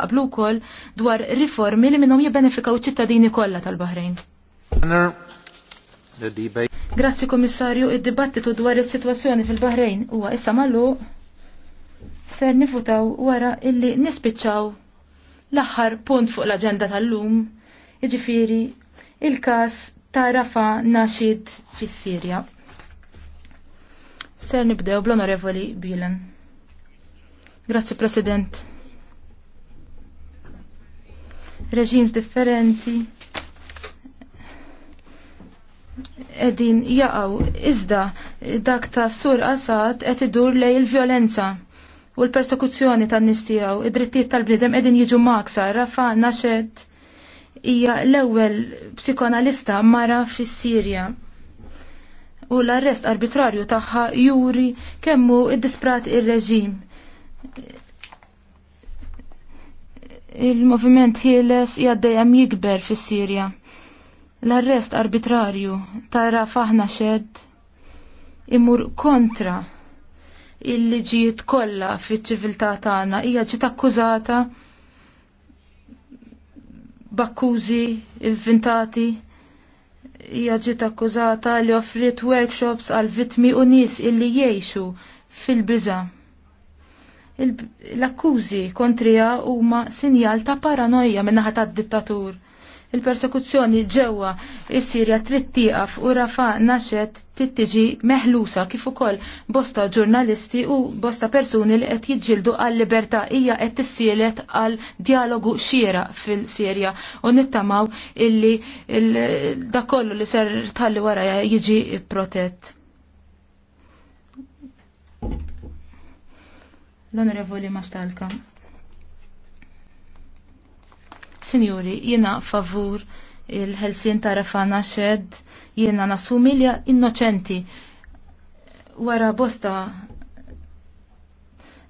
naqblu wkoll dwar riformi li minnhom jibbenefikaw ċittadini kollha tal bahrejn Grazzi Komissarju, id-dibattitu dwar is-sitwazzjoni fil bahrejn huwa issa magħluq ser nifutaw wara illi nispiċċaw l-aħħar punt fuq l-aġenda tal-lum, jiġifieri il-każ ta' Rafa Nashid fis-Sirja. Ser nibdew bl-Onorevoli Bilen. Grazzi President reġims differenti edin jaqaw iżda dak ta' sur Assad qed idur lej il-vjolenza u l-persekuzzjoni tan nistijaw id-drittijiet tal-bniedem qegħdin jiġu maksa, Rafa naxed hija l-ewwel psikonalista mara fis-Sirja. U l-arrest arbitrarju tagħha juri kemmu id-disprat ir-reġim il-moviment ħieles jaddejem jikber fis sirja L-arrest arbitrarju tara faħna xed imur kontra il-liġijiet kollha fiċ-ċiviltà tagħna hija ġiet akkużata bakkużi inventati hija ġiet akkużata li offriet workshops għal vittmi u nies illi jgħixu fil-biża' l-akkużi kontrija huma sinjal ta' paranoja min-naħa tad-dittatur. Il-persekuzzjoni ġewwa s sirja trid tieqaf u Rafa Naxet tittiġi tiġi meħlusa kif ukoll bosta ġurnalisti u bosta persuni li qed jiġġieldu għall-libertà hija qed tissielet għal dialogu xiera fil-Sirja u nittamaw illi dak li ser tħalli wara jiġi protett. L-Onorevoli Mastalka. Signori, jiena favur il-ħelsin ta' Rafana xed jiena nasumilja innoċenti wara bosta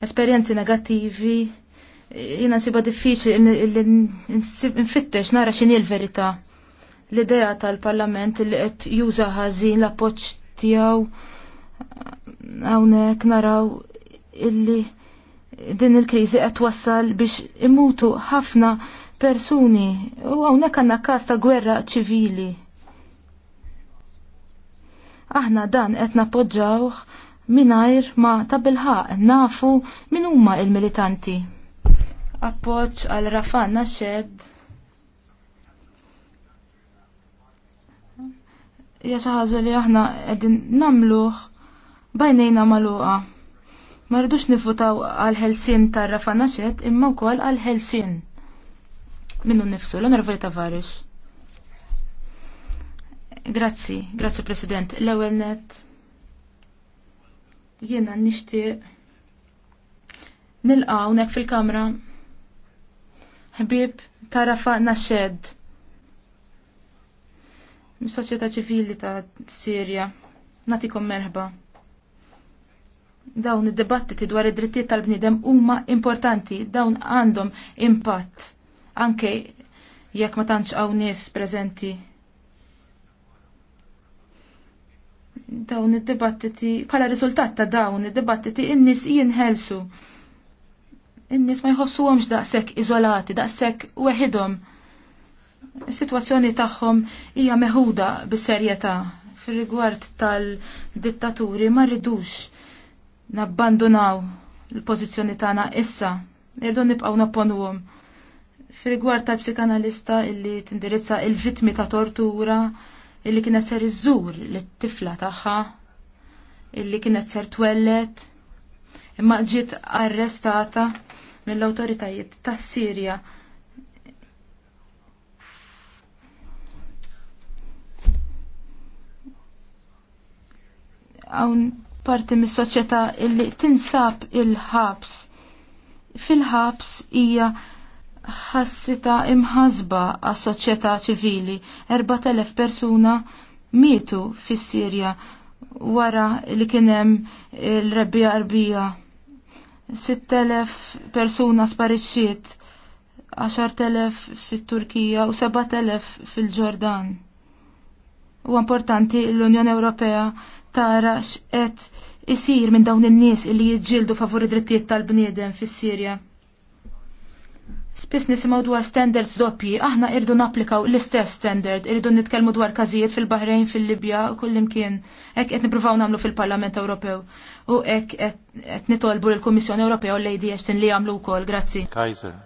esperienzi negattivi jiena nsiba diffiċli nfittex nara x'inhi l-verità. L-idea tal-Parlament li qed juża ħażin l-appoġġ tiegħu hawnhekk naraw illi din il-kriżi qed wassal biex imutu ħafna persuni u hawnhekk għandna każ ta' gwerra ċivili. Aħna dan qed nappoġġawh mingħajr ma ta' bilħaq nafu min huma l militanti Appoġġ għal Rafan Nashed. Ja xi ħaġa li aħna qegħdin nagħmluh bajnejna maluqa. Ma rridux nifutaw għal-ħelsin tar Naxet imma wkoll għal-ħelsin. Minnu nifsu, l-onorevoli Tavarix. Grazzi, grazzi President. L-ewwel net jiena nixtieq nilqa' hawnhekk fil-kamra ħbieb ta' Rafa Naxed. mis-soċjetà ċivili ta' Sirja. nagħtikom merħba. Dawn id-dibattiti dwar id-drittijiet tal-bniedem huma importanti, dawn għandhom impatt anke jekk ma tantx hawn nies preżenti. Dawn id-dibattiti bħala riżultat ta' dawn id-dibattiti in-nies jinħelsu. In-nies ma jħossuhomx daqshekk iżolati, daqshekk weħidhom. Is-sitwazzjoni tagħhom hija meħuda bis-serjetà fir-rigward tal-dittaturi ma rridux nabbandunaw l pożizzjoni tagħna issa, irdu nibqgħu napponuhom. Fir-rigward ta' psikanalista illi tindirizza il-vittmi ta' tortura illi kienet ser iżżur lit-tifla tagħha illi kienet ser twellet imma ġiet arrestata mill-awtoritajiet tas-Sirja hawn parti mis soċjetà illi tinsab il-ħabs. Fil-ħabs hija ħassita imħasba għas soċjetà ċivili. 4000 persuna mietu fis-Sirja wara li kien hemm il rebbi arbija. 6000 persuna sparixxiet, 10000 fit-Turkija u 7000 fil-Ġordan. U importanti l-Unjoni Ewropea tara x'qed isir minn dawn in-nies li jiġġieldu favur id-drittijiet tal-bniedem fis-Sirja. Spiss nisimgħu dwar standards doppji, aħna irdu napplikaw l-istess standard, irdu nitkellmu dwar każijiet fil-Bahrejn, fil-Libja, u kullimkien. Hekk qed nippruvaw nagħmlu fil-Parlament Ewropew u hekk qed nitolbu lill-Kummissjoni Ewropea u l-Lady Ashton li jagħmlu wkoll. Grazzi. Kaiser.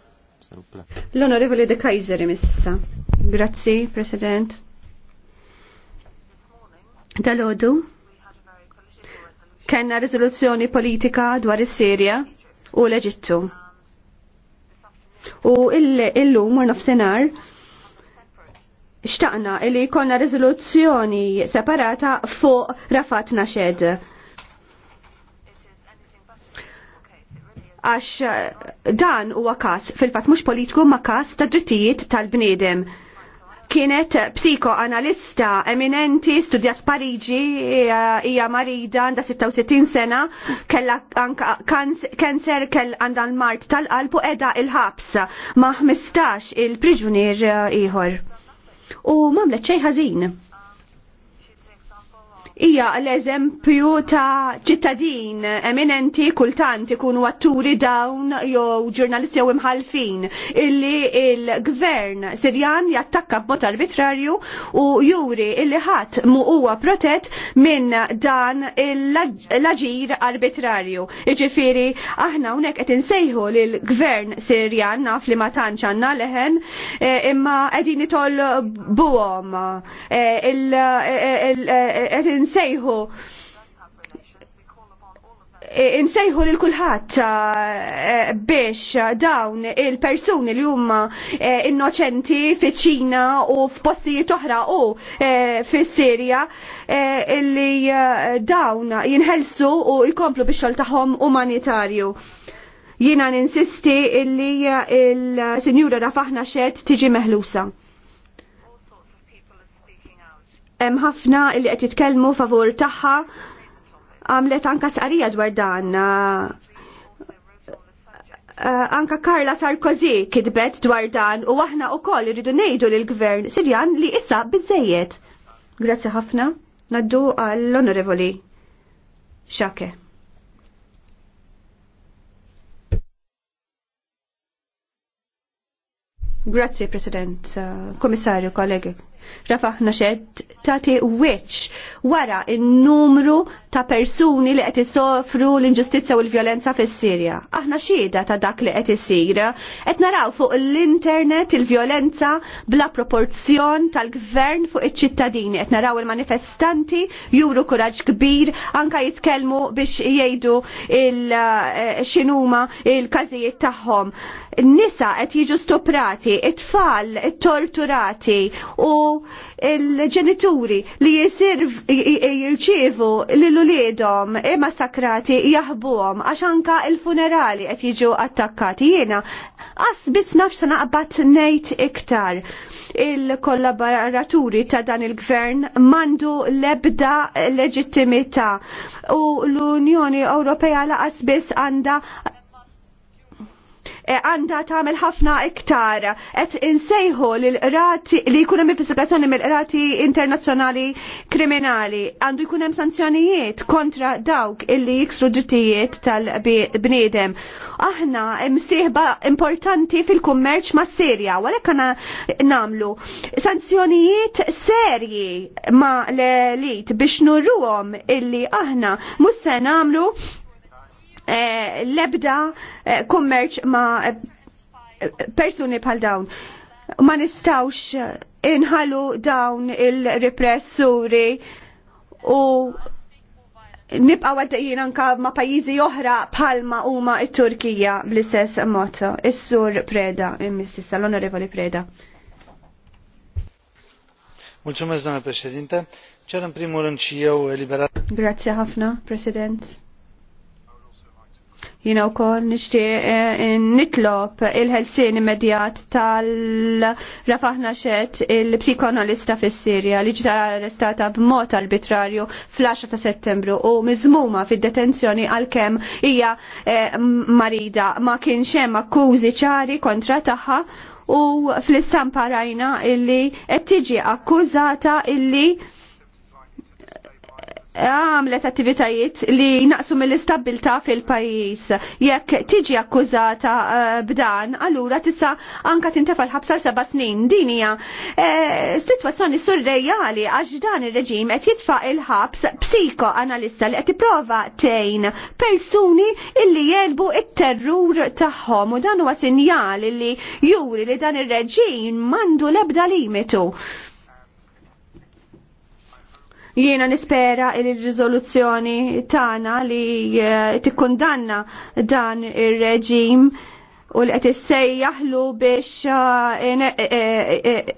L-Onorevoli De Kaiser imissa. Grazzi, President. Dalodu, kenna rizoluzzjoni politika dwar is-Sirja u l-Eġittu. U illum u nofsenar xtaqna li konna rizoluzzjoni separata fuq Rafat Nashed. Għax dan huwa kas fil-fatt mhux politiku ma kas ta' drittijiet tal-bniedem kienet psikoanalista eminenti, studjat Pariġi, eh, hija marida għandha 66 sena, kella kanser kell għandha l-mart tal-qalb u edha il-ħabs ma' 15 il-priġunier eh, ieħor. U mamlet xejn ħażin hija l-eżempju ta' ċittadin eminenti kultant ikunu atturi dawn jew ġurnalisti jew imħalfin illi il-gvern Sirjan jattakka b'mod arbitrarju u juri illi ħadd mu huwa protett minn dan l-aġir arbitrarju. Iġifieri aħna hawnhekk qed insejħu lil gvern Sirjan naf li ma tantx għandna leħen e, imma qegħdin itolbuhom. E, e, nsejħu insejħu lil kulħadd eh, biex dawn il-persuni li huma eh, innoċenti fiċ-Ċina u f'postijiet oħra u eh, fis-Sirja li dawn jinħelsu u jkomplu biex xogħol tagħhom umanitarju. Jiena ninsisti illi il-Sinjura Rafaħna xed tiġi meħlusa hemm ħafna li qed jitkellmu favur tagħha għamlet anka sqarija dwar dan. Eh, anka Karla Sarkozy kitbet dwar dan u aħna wkoll irridu ngħidu lill gvern Sirjan li issa biżejjed. Grazzi ħafna. Naddu għall-Onorevoli Xake. Grazie President, eh, Komissarju, kollegi rafaħna xed te wiċ wara il-numru ta' persuni li qed sofru l inġustizja u l-vjolenza fis sirja Aħna xieda ta' dak li qed isir, għet naraw fuq l-internet il-vjolenza bla proporzjon tal-gvern fuq iċ-ċittadini, qed naraw il-manifestanti juru kuraġġ kbir anka jitkellmu biex jgħidu il-xinuma eh, il-każijiet tagħhom nisa qed jiġu stuprati, it-tfal torturati u il-ġenituri li jirċievu lil uliedhom massacrati jaħbuhom għax anka il-funerali qed jiġu attakkati jiena qas biss nafx se naqbad ngħid iktar il-kollaboraturi ta' dan il-gvern mandu lebda leġittimità u l-Unjoni Ewropea laqas biss għandha E għanda tagħmel ħafna iktar qed insejħu l rati li jkun hemm investigazzjoni mill-qrati internazzjonali kriminali għandu jkun hemm sanzjonijiet kontra dawk illi jiksru drittijiet tal-bniedem. Aħna msieħba importanti fil-kummerċ ma' Sirja, għalhekk għandna namlu sanzjonijiet serji ma' l-elit biex nurruhom illi aħna mhux se nagħmlu Eh, lebda eh, kummerċ ma' eh, persuni bħal dawn. Ma nistawx inħallu dawn il-repressuri u nibqa' għaddejjin anka ma' pajjiżi oħra u ma t-Turkija bl-istess mod. Is-sur Preda, mississa l-Onorevoli Preda. Mulțumesc, Dana Presidente. Cer în primul Grazie, Hafna, președinte. Jina u kol nishtiq eh, nitlop il-ħelsin immedjat tal-Rafahna Xet il psikonalista fis sirja li ġitara arrestata b'mod arbitrarju fl-10 ta' settembru u mizmuma fid-detenzjoni għal-kem hija eh, marida ma kienx hemm akkużi ċari kontra tagħha u fl-istampa rajna illi qed tiġi akkużata illi għamlet attivitajiet li naqsu mill-istabilta fil-pajis. Jekk tiġi akkużata eh, b'dan, allura tista' anka tintefa' l-ħabsa seba' snin. Din hija eh, sitwazzjoni surrejali għax dan ir-reġim qed jitfa' il-ħabs psikoanalista li qed tipprova tgħin persuni illi jelbu it-terrur tagħhom u dan huwa sinjal li juri li dan ir-reġim m'għandu l-ebda limitu. Jiena nispera li r-riżoluzzjoni tagħna li eh, tikkundanna dan ir-reġim u li qed issejjaħlu biex eh, eh,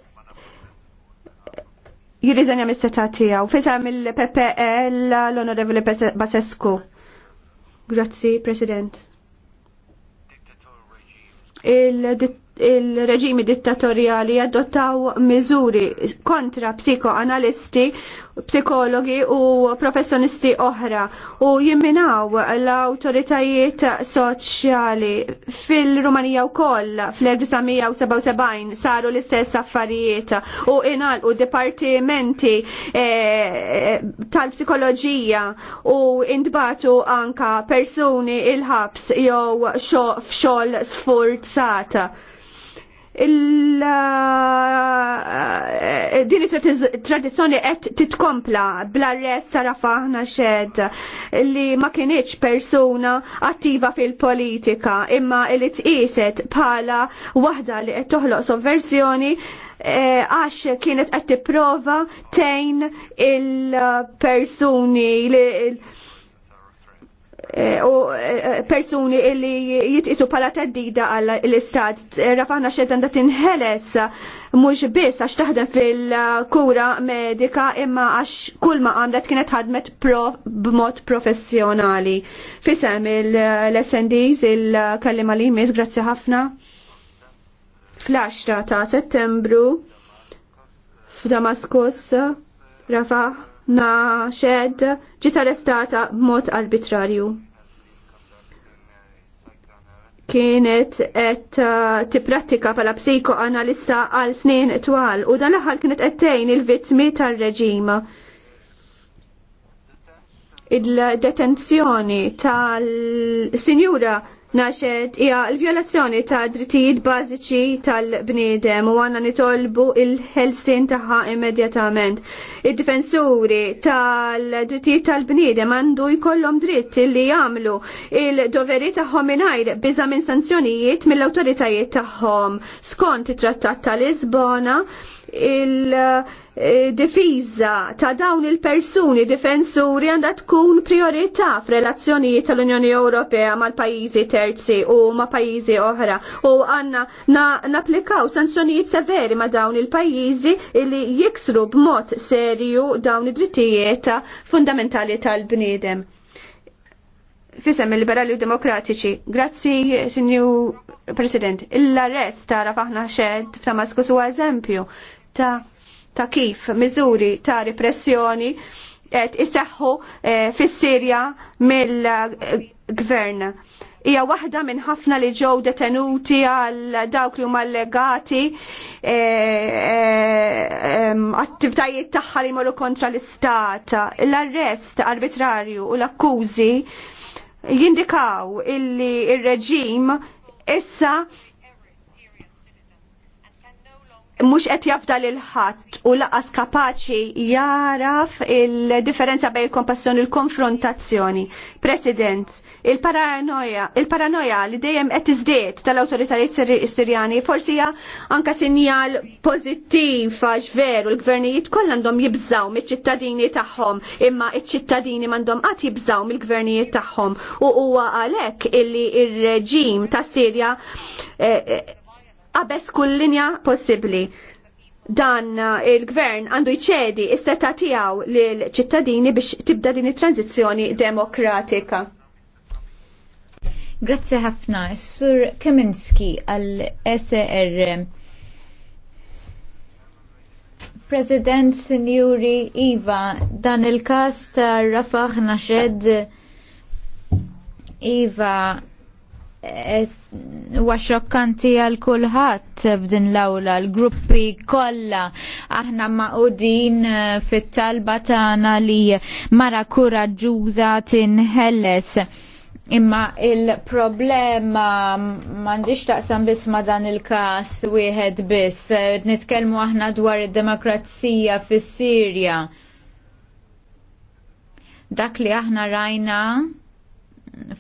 jirriżenja mis-seta tiegħu. Fisa mill-PPL l-Onorevoli Basescu. Grazzi, President. Il-ditt il-reġimi dittatorjali adottaw miżuri kontra psikoanalisti, psikologi u professjonisti oħra u jimminaw l-autoritajiet soċjali fil-Rumanija u koll fl-1977 saru l-istess affarijiet u inal u departimenti e, eh, tal-psikoloġija u indbatu anka persuni il-ħabs jew xol sfurzata. Eh, din it-tradizzjoni qed titkompla bl-arrest sara faħna xed li ma kienieċ persuna attiva fil-politika imma li tqiset bħala waħda li qed toħloq sovverzjoni eh, għax kienet qed tipprova tejn il-persuni li u eh, eh, persuni illi jitqisu pala teddida għal l-istat. Rafana xedan da tinħeles mux biss għax taħdem fil-kura medika imma għax kull ma għamlet kienet ħadmet b'mod professjonali. Fisem il-SNDs il-kallima li jmiss, grazzi ħafna. Fl-10 ta' settembru f'Damaskus, Rafa na xed ġiet arrestata b'mod arbitrarju kienet qed uh, tipprattika bħala psikoanalista għal snin twal u dan l-aħħar kienet qed tgħin il-vittmi tar reġima Il-detenzjoni tal-sinjura Naxed, hija l-vjolazzjoni ta' drittijiet bażiċi tal-bniedem u għanna nitolbu il-ħelsin tagħha immedjatament. Id-difensuri tal-drittijiet tal-bniedem għandu jkollhom dritt li jagħmlu il-doveri tagħhom mingħajr biża minn sanzjonijiet mill-awtoritajiet tagħhom skont it-Trattat tal-Lisbona il- E, difiża ta' dawn il-persuni difensuri għandha tkun priorità f'relazzjonijiet tal-Unjoni Ewropea mal-pajjiżi terzi u ma' pajjiżi oħra u għandna napplikaw sanzjonijiet severi ma' dawn il-pajjiżi li jiksru b'mod serju dawn id-drittijiet fundamentali tal-bniedem. Fisem il-liberali u demokratiċi. Grazzi, Sinju President. Il-arrest ta' rafaħna xed f'Damaskus u eżempju ta' ta' kif miżuri ta' repressjoni qed iseħħu eh, fis-Sirja mill-gvern. Hija waħda minn ħafna li ġew detenuti għal dawk li huma allegati eh, eh, attivitajiet tagħha li jmorru kontra l-istat. L-arrest arbitrarju u l-akkużi jindikaw illi ir-reġim issa mux qed jafdal il ħadd u laqas kapaċi jaraf il-differenza bejn il-kompassjoni u l-konfrontazzjoni. President, il-paranoja, il-paranoja li dejjem qed iżdied tal-awtoritajiet Sirjani forsi hija anke sinjal pożittiv għax veru l-gvernijiet kollha għandhom jibżaw miċ-ċittadini tagħhom, imma iċ-ċittadini m'għandhom qatt jibżaw mill-gvernijiet tagħhom u huwa għalhekk illi ir-reġim tas Sirja eh, eh qabes kull linja possibbli. Dan eh, il-gvern għandu jċedi istetta tiegħu l ċittadini biex tibda din it-tranzizzjoni demokratika. Grazzi ħafna, Sur Kaminski għal-SR e President Sinjuri Iva, dan il-kas ta' Rafah Nashed Iva Eh, huwa xokkanti għal kulħadd f'din l-awla, l-gruppi kollha aħna maqudin eh, fit-talba tagħna li mara kuraġġuża tinħelles. Imma il-problema m'għandix taqsam biss ma dan il-każ wieħed biss. Eh, nitkellmu aħna dwar id-demokrazija fis-Sirja. Dak li aħna rajna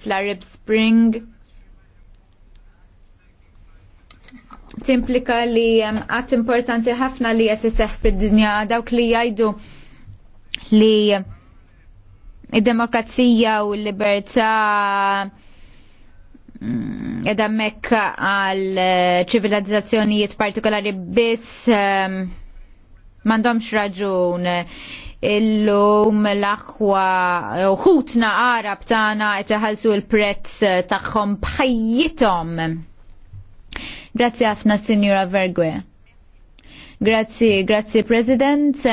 fl-Arab Spring timplika li għat importanti ħafna li jessi seħ fid-dinja dawk li jajdu li id-demokrazija u l-libertà mm, edha mekka għal eh, ċivilizzazzjonijiet partikolari biss mandomx raġun illum l-axwa uħutna eh, għarab tana għetħalsu il-prezz taħħom bħajjitom. Grazzi ħafna Signora Vergue. Grazzi, grazzi President.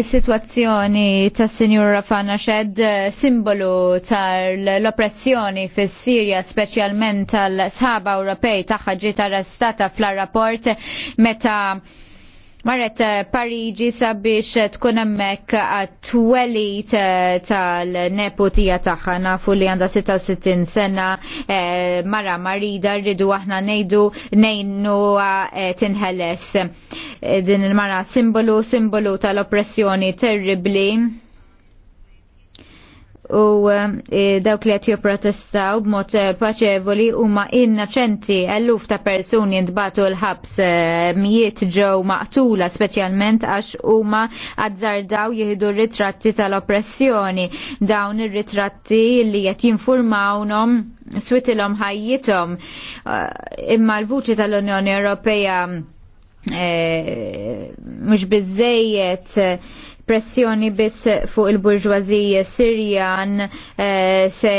Is-sitwazzjoni ta' Sinjura Rafana Shed simbolu tal-oppressjoni fis sirja speċjalment tal-sħaba Ewropej tagħha ġiet arrestata fl-rapport meta marret eh, Parigi sabiex eh, tkun hemmhekk għat-tweli eh, tal-nepotija tagħha nafu li għandha 66 sena mara marida rridu aħna ngħidu nejnu tinħeles din il-mara simbolu simbolu tal-oppressjoni terribli u um, e, dawk li qed jipprotestaw b'mod e, paċevoli huma innoċenti eluf ta' persuni jindbatu l-ħabs e, mijiet ġew maqtula speċjalment għax huma azzardaw jieħdu r-ritratti tal-oppressjoni dawn ir-ritratti li qed jinfurmawhom switilhom ħajjithom imma l-vuċi tal-Unjoni Ewropea mhux bizzejiet pressjoni biss fuq il-burġwazija Sirjan eh, se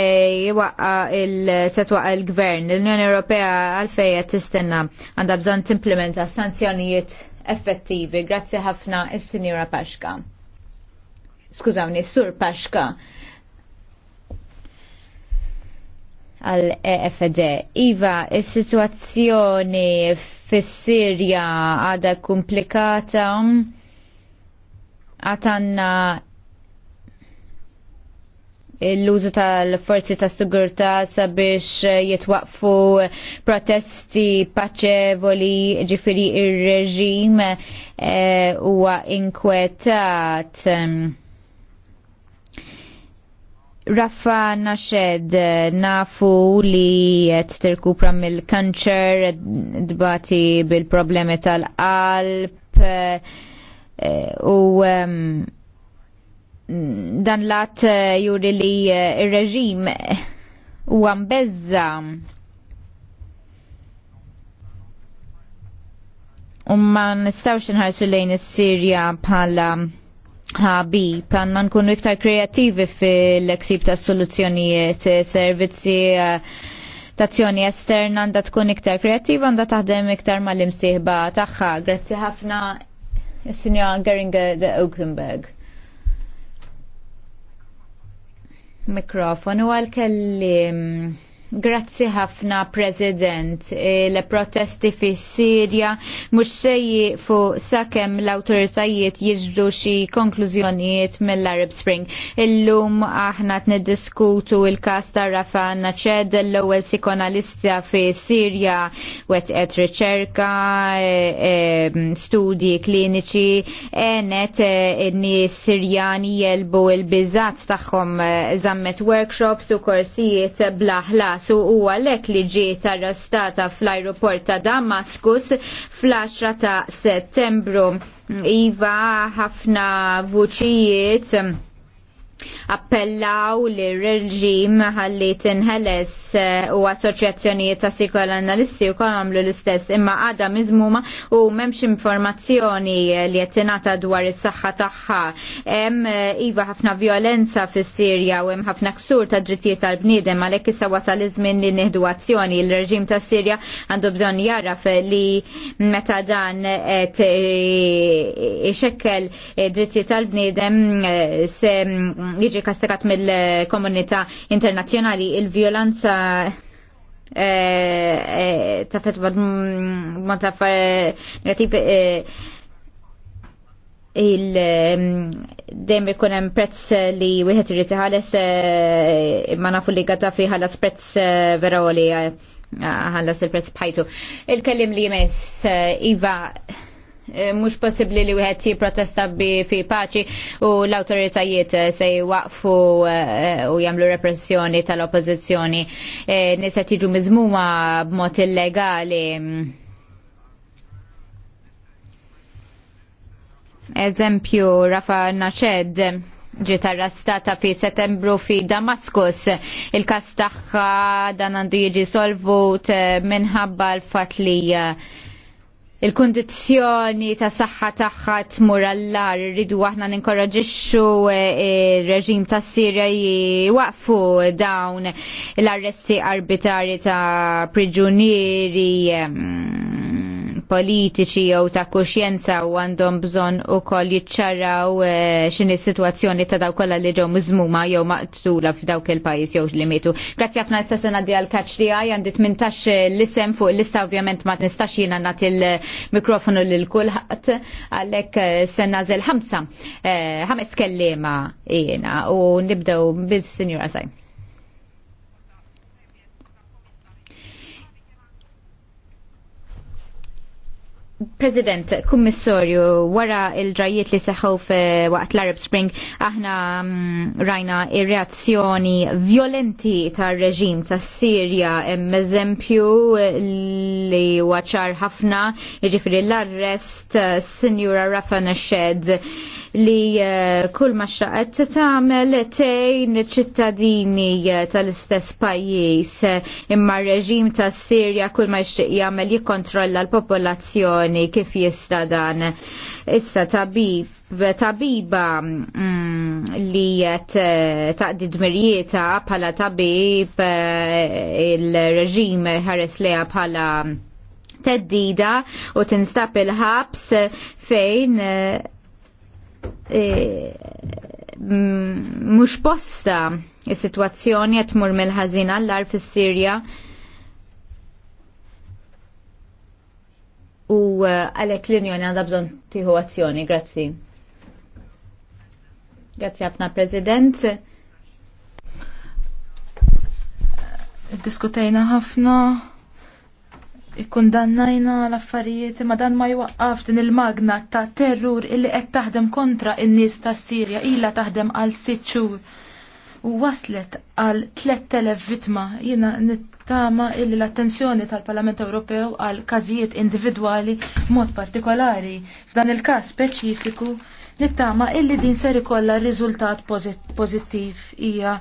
jwaqqa il il-gvern. L-Unjoni Ewropea għalfejja tistenna għandha bżonn timplementa sanzjonijiet effettivi. Grazzi ħafna is-Sinjura Paxka. Skużawni, Sur Paxka. għal EFD. Iva, il situazzjoni fis-Sirja għada komplikata għatanna l-użu tal-forzi ta' sigurta sabiex jitwaqfu protesti paċevoli ġifiri ir-reġim eh, huwa inkwetat. Raffa Nashed nafu li qed tirkupra mill-kanċer dbati bil-problemi tal-qalb Eh, u dan lat eh, juri li eh, il-reġim u għambezza u ma nistawx nħarsu lejn is-Sirja bħala ħabi, panna nkunu iktar kreativi fil-ksib ta' soluzzjonijiet, servizzi tazzjoni esterna għandha tkun iktar kreativa għandha taħdem iktar mal-imsieħba tagħha. Grazzi ħafna il-Sinja Geringer de Oakenberg. Mikrofonu għal-kellim Grazzi ħafna, President. E, le protesti fi Sirja mux sejji fu sakem l-autoritajiet jiġdu xi konklużjonijiet mill-Arab Spring. Illum aħna t nediskutu il kasta ta' Rafa Naċed, l-ewel sikonalista fi Sirja, wet et riċerka, e, e, studji kliniċi, enet inni Sirjani jelbu il bizat tagħhom zammet workshops u korsijiet blaħlas kasu u għalek li ġiet arrestata fl-aeroport ta' Damaskus fl-10 ta' settembru. Iva ħafna vuċijiet appellaw li reġim ħalli tinħeles eh, u assoċjazzjonijiet ta' sikola analisti u kol għamlu l-istess imma għada mizmuma u memx informazzjoni li jettinata dwar is saħħa tagħha. Hemm eh, iva ħafna violenza fis sirja u hemm ħafna ksur ta' drittijiet tal-bniedem għalhekk issa wasal iż-żmien li nieħdu azzjoni. Il-reġim ta' Sirja għandu bżonn jaraf li meta dan qed eh, ixekkel drittijiet tal-bniedem se jiġi kastikat mill-komunità internazzjonali il-violanza eh, eh, ta' fetwa mm, ma' eh, negativ il mm, dejjem ikun hemm prezz li wieħed irid iħares ma nafu li fi ħallas prezz vera li ħallas il-prezz bħajtu. Il-kellim li jmess Iva Eh, mhux possibbli li wieħed jipprotesta bi fi paċi u l-awtoritajiet eh, se jwaqfu eh, u jagħmlu repressjoni tal-oppożizzjoni. Nisa tiġu miżmuma b'mod illegali. Eżempju, Rafa Naċed ġiet arrestata fi settembru fi Damaskus. Il-kas tagħha dan għandu jiġi solvut minħabba l-fat li il-kondizjoni ta' saħħa tagħha tmur għall-lar rridu aħna ninkoraġixxu eh, ir-reġim ta' Sirja jwaqfu dawn l-arresti arbitrarji ta' priġunieri ehm, politiċi jew ta' kuxjenza u għandhom bżonn ukoll jiċċaraw eh, x'inhi xini sitwazzjoni ta' dawk kollha li ġew miżmuma jew maqtula f'dawk il-pajjiż jew li mietu. Grazzi għafna issa sena di għall-kaċ li għaj għandi tmintax l-isem fuq l-lista ovvjament ma nistax jiena nagħti il-mikrofonu lil kulħadd għalhekk eh, se zil ħamsa eh, ħames kellima jiena u nibdew bis-Sinjura Sajm. President, kummissorju, wara il-ġajiet li seħħu waqt l-Arab Spring, aħna mm, rajna ir-reazzjoni violenti tar reġim tas Sirja, eżempju li waċar ħafna, jiġifieri l-arrest, Sinjura Rafa Nashed, li eh, kull ma xaqet tagħmel tejn ċittadini eh, tal-istess pajjiż eh, imma r-reġim ta' Sirja kull ma jixtieq jagħmel jikkontrolla l-popolazzjoni kif jista' dan. Issa tabib tabiba mm, li li taqdi dmirieta bħala tabib il-reġim ħares leja bħala teddida u tinstab il-ħabs fejn E, mhux posta il sitwazzjoni qed tmur mill-ħażin għall-ar fis-Sirja u e, għalhekk l-Unjoni għandha bżonn tieħu azzjoni, grazzi. Grazzi ħafna President. Diskutejna ħafna ikkundannajna l-affarijiet ma dan ma jwaqqaf din il-magna ta' terrur illi qed taħdem kontra in-nies tas-Sirja ilha taħdem għal sitt xhur u waslet għal 3000 vittma jiena nittama illi l-attenzjoni tal-Parlament Ewropew għal każijiet individwali b'mod partikolari f'dan il-każ speċifiku nittama illi din ser ikollha riżultat pożittiv hija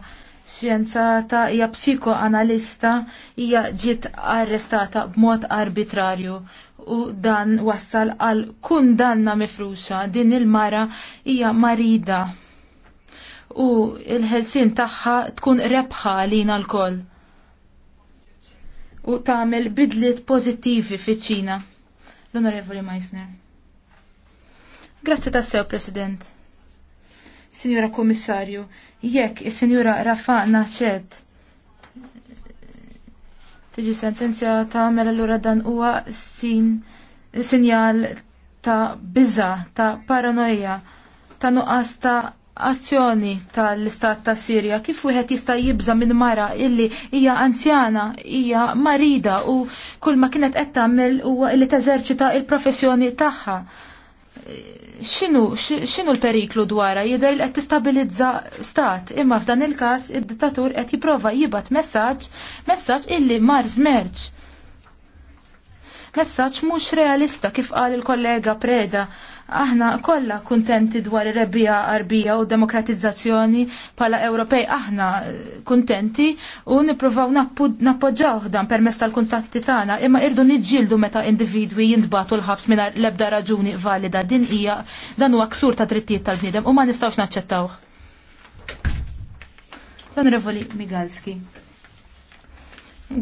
xjenzata hija psikoanalista hija ġiet arrestata b'mod arbitrarju u dan wassal għal kundanna mifruxa din il-mara hija marida u il-ħelsin tagħha tkun rebħa għalina l-koll u tagħmel bidliet pożittivi fiċ-Ċina. L-Onorevoli Meisner. Grazzi tassew, President. Sinjura Komissarju, jekk is-Sinjura Rafa naċed tiġi sentenzjata mela l-ura dan huwa sin sinjal ta' biża, ta' paranoja, ta' nuqqas ta' azzjoni tal-istat ta' Sirja kif wieħed jista' jibża minn mara illi hija anzjana, hija marida u kull ma kienet qed tagħmel huwa li teżerċita l professjoni tagħha xinu, xinu l-periklu dwara jidher li qed tistabilizza stat imma f'dan il-każ id-dittatur qed jipprova jibgħat messaġġ messaġġ illi mar żmerġ. Messaġġ mhux realista kif qal il-kollega Preda Aħna kollha kuntenti dwar ir-rebbija qarbija u demokratizzazzjoni bħala Ewropej aħna eh, kuntenti u nippruvaw nappoġġaw dan permezz tal-kuntatti tagħna imma irdu niġġieldu meta individwi jintbatu l-ħabs mingħajr l-ebda raġuni valida din hija dan huwa ksur ta' drittijiet tal-bniedem u ma nistgħux naċċettawh. Onorevoli Migalski.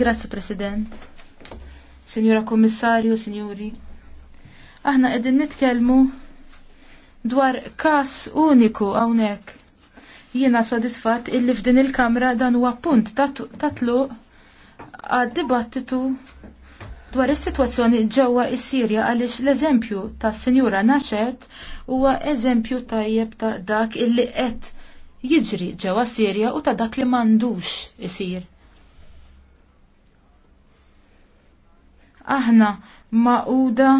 Grazzi President. Signora Commissario, signori. Aħna qegħdin nitkellmu dwar każ uniku hawnhekk. Jiena sodisfatt illi f'din il-kamra dan huwa punt tatluq għad-dibattitu dwar is-sitwazzjoni ġewwa s sirja għaliex l-eżempju tas-Sinjura Naxet huwa eżempju tajjeb ta' dak illi qed jiġri ġewwa Sirja u ta' dak li m'għandux isir. Aħna maquda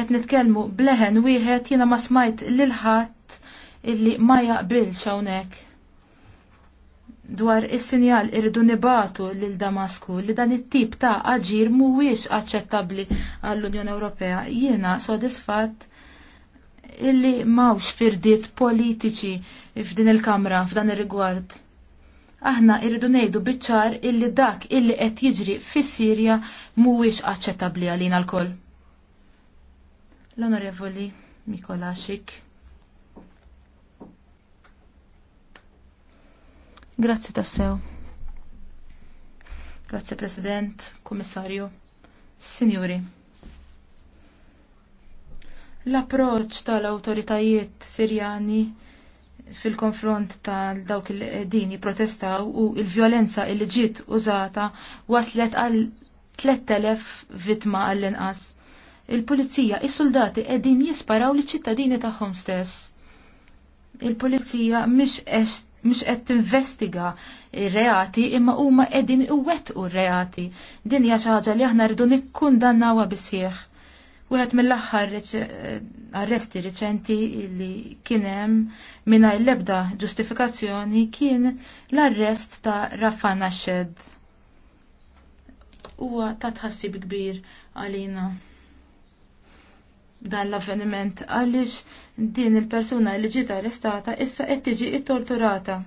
qed nitkellmu bleħen wieħed jiena ma smajt lil ħadd illi ma jaqbilx hawnhekk. Dwar is-sinjal irridu nibatu lil Damasku li dan it-tip ta' aġir mhuwiex aċċettabbli għall-Unjoni Ewropea. Jiena sodisfatt illi mawx firdiet politiċi f'din il-Kamra f'dan ir-rigward. Aħna irridu ngħidu biċ-ċar illi dak illi qed jiġri fis-Sirja mhuwiex aċċettabbli għalina l-koll. L-Onorevoli Mikola Xik. Grazzi tassew. Grazzi President, Kommissarju. Sinjuri. L-approċ tal-autoritajiet Sirjani fil-konfront tal-dawk il dini protestaw u il-violenza il ġiet użata waslet għal 3000 vittma għall-inqas il-pulizija, il soldati qegħdin jisparaw liċ ċittadini tagħhom stess. Il-pulizija mhix qed tinvestiga r-reati imma huma qegħdin iwettqu r-reati. Din hija xi ħaġa li aħna rridu nikkundannawha bisħieħ. Wieħed mill-aħħar arresti riċenti li kien hemm mingħajr l-ebda ġustifikazzjoni kien l-arrest ta' Rafana Shed. Huwa ta' tħassib kbir għalina dan l-avveniment għaliex din il-persuna li ġiet arrestata issa qed tiġi torturata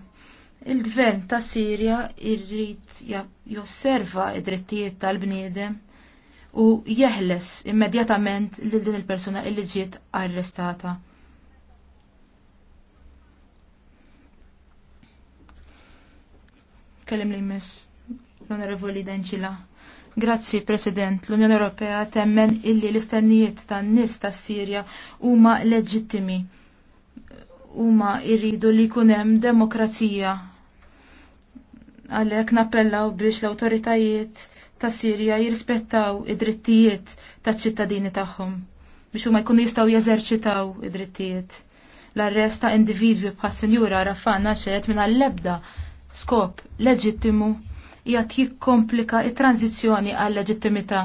Il-gvern ta' Sirja jrid josserva id-drittijiet tal-bniedem u jeħles immedjatament lil din il-persuna li ġiet arrestata. Kellem li miss l-onorevoli Danċila. Grazzi, President. L-Unjoni Ewropea temmen illi l-istennijiet tan-nies tas-Sirja huma leġittimi. Huma jridu li jkun hemm demokrazija. Għalhekk nappellaw biex l-awtoritajiet tas-Sirja jirrispettaw id-drittijiet taċ-ċittadini tagħhom biex huma jkunu jistgħu jeżerċitaw id-drittijiet. L-arrest ta' individwi bħas Sinjura Rafana xeħet minn l-ebda skop leġittimu jgħat jikkomplika it-tranzizjoni għal leġittimità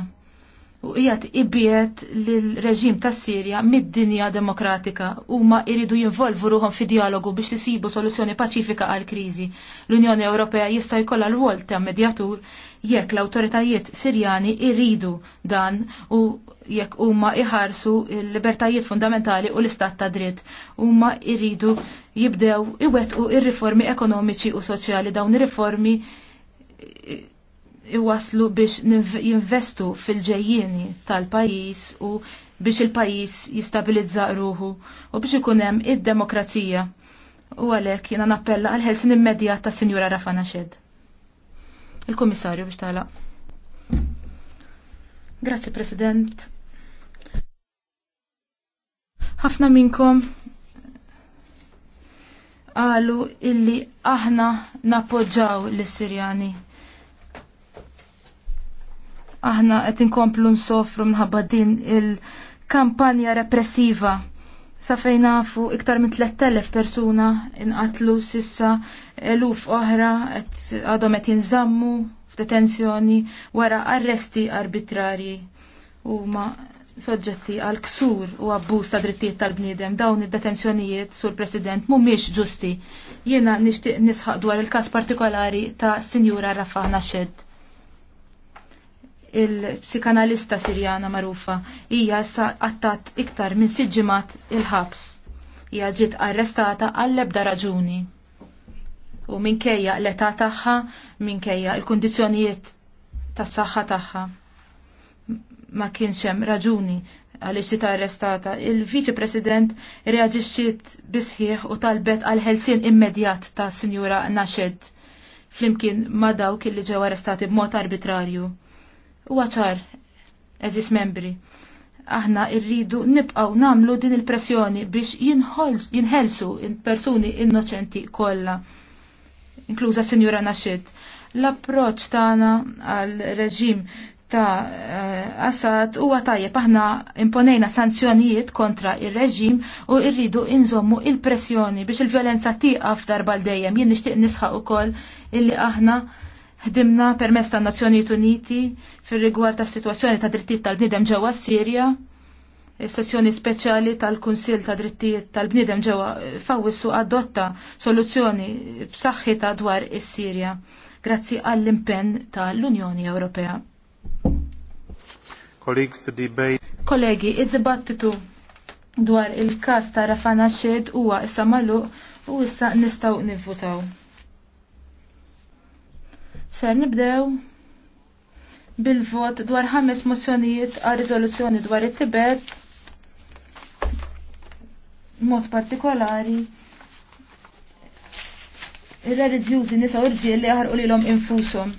u jgħat ibiet l-reġim ta' Sirja mid-dinja demokratika u ma iridu jinvolvu ruħom fi dialogu biex tisibu soluzzjoni paċifika għal krizi. L-Unjoni Ewropea jista' jkollha l-wol ta' medjatur jekk l-awtoritajiet Sirjani iridu dan u jekk huma iħarsu l-libertajiet fundamentali u l-istat ta' dritt. Huma iridu jibdew iwettqu ir-riformi ekonomiċi u soċjali dawn ir-riformi iwaslu biex jinvestu fil-ġejjieni tal-pajis u biex il-pajis jistabilizza ruħu u biex ikun hemm id-demokrazija. U għalhekk jiena nappella għal ħelsin immedjat ta' Sinjura Rafa Xed. Il-Kummissarju biex tagħlaq. Grazzi President. Ħafna minkom qalu illi aħna nappoġġaw l-Sirjani aħna qed inkomplu nsofru minħabba din il-kampanja repressiva. Sa fejn nafu iktar minn 3000 persuna inqatlu sissa eluf oħra qed għadhom qed jinżammu f'detenzjoni wara arresti arbitrarji huma soġġetti għal ksur u abbuż ta' drittijiet tal-bniedem dawn id-detenzjonijiet sur President mhumiex ġusti. Jiena nixtieq nisħaq dwar il-każ partikolari ta' Sinjura Rafah Nashed il-psikanalista Sirjana marufa hija sa attat iktar minn Siġimat il-ħabs. Hija ġiet arrestata għall-ebda raġuni. U minkejja l-età tagħha, minkejja l-kundizzjonijiet tas-saħħa tagħha. Ma kienx hemm raġuni għaliex ġiet arrestata. Il-Viċi President reaġixxiet bisħieħ u talbet għal ħelsien immedjat ta' Sinjura Nashed flimkien ma dawk li ġew arrestati b'mod arbitrarju U għatar eżis membri, aħna irridu nibqaw namlu din il-pressjoni biex jinħelsu persuni innoċenti kollha, inkluza Sinjura Naxid. L-approċ tagħna għal reġim ta' eh, Assad huwa tajjeb aħna imponejna sanzjonijiet kontra ir-reġim u rridu inżommu il-pressjoni biex il-vjolenza tieqaf darba l dejjem jien nixtieq nisħaq ukoll illi aħna ħdimna permess tan Nazzjonijiet Uniti fir-rigward tas-sitwazzjoni ta' drittijiet tal-bniedem ġewwa Sirja is-sessjoni speċjali tal-Kunsill ta' Drittijiet tal-Bniedem ġewwa fawissu adotta soluzzjoni b'saħħitha dwar is-Sirja grazzi għall-impenn tal-Unjoni Ewropea. Kollegi, id-dibattitu dwar il-każ ta' Rafana Xed huwa issa u issa nistgħu nivvutaw. Ser nibdew bil-vot dwar ħames mozzjonijiet għal riżoluzzjoni dwar it-Tibet mod partikolari ir-reliġjużi nisa u rġiel li jaħarqu lilhom infushom.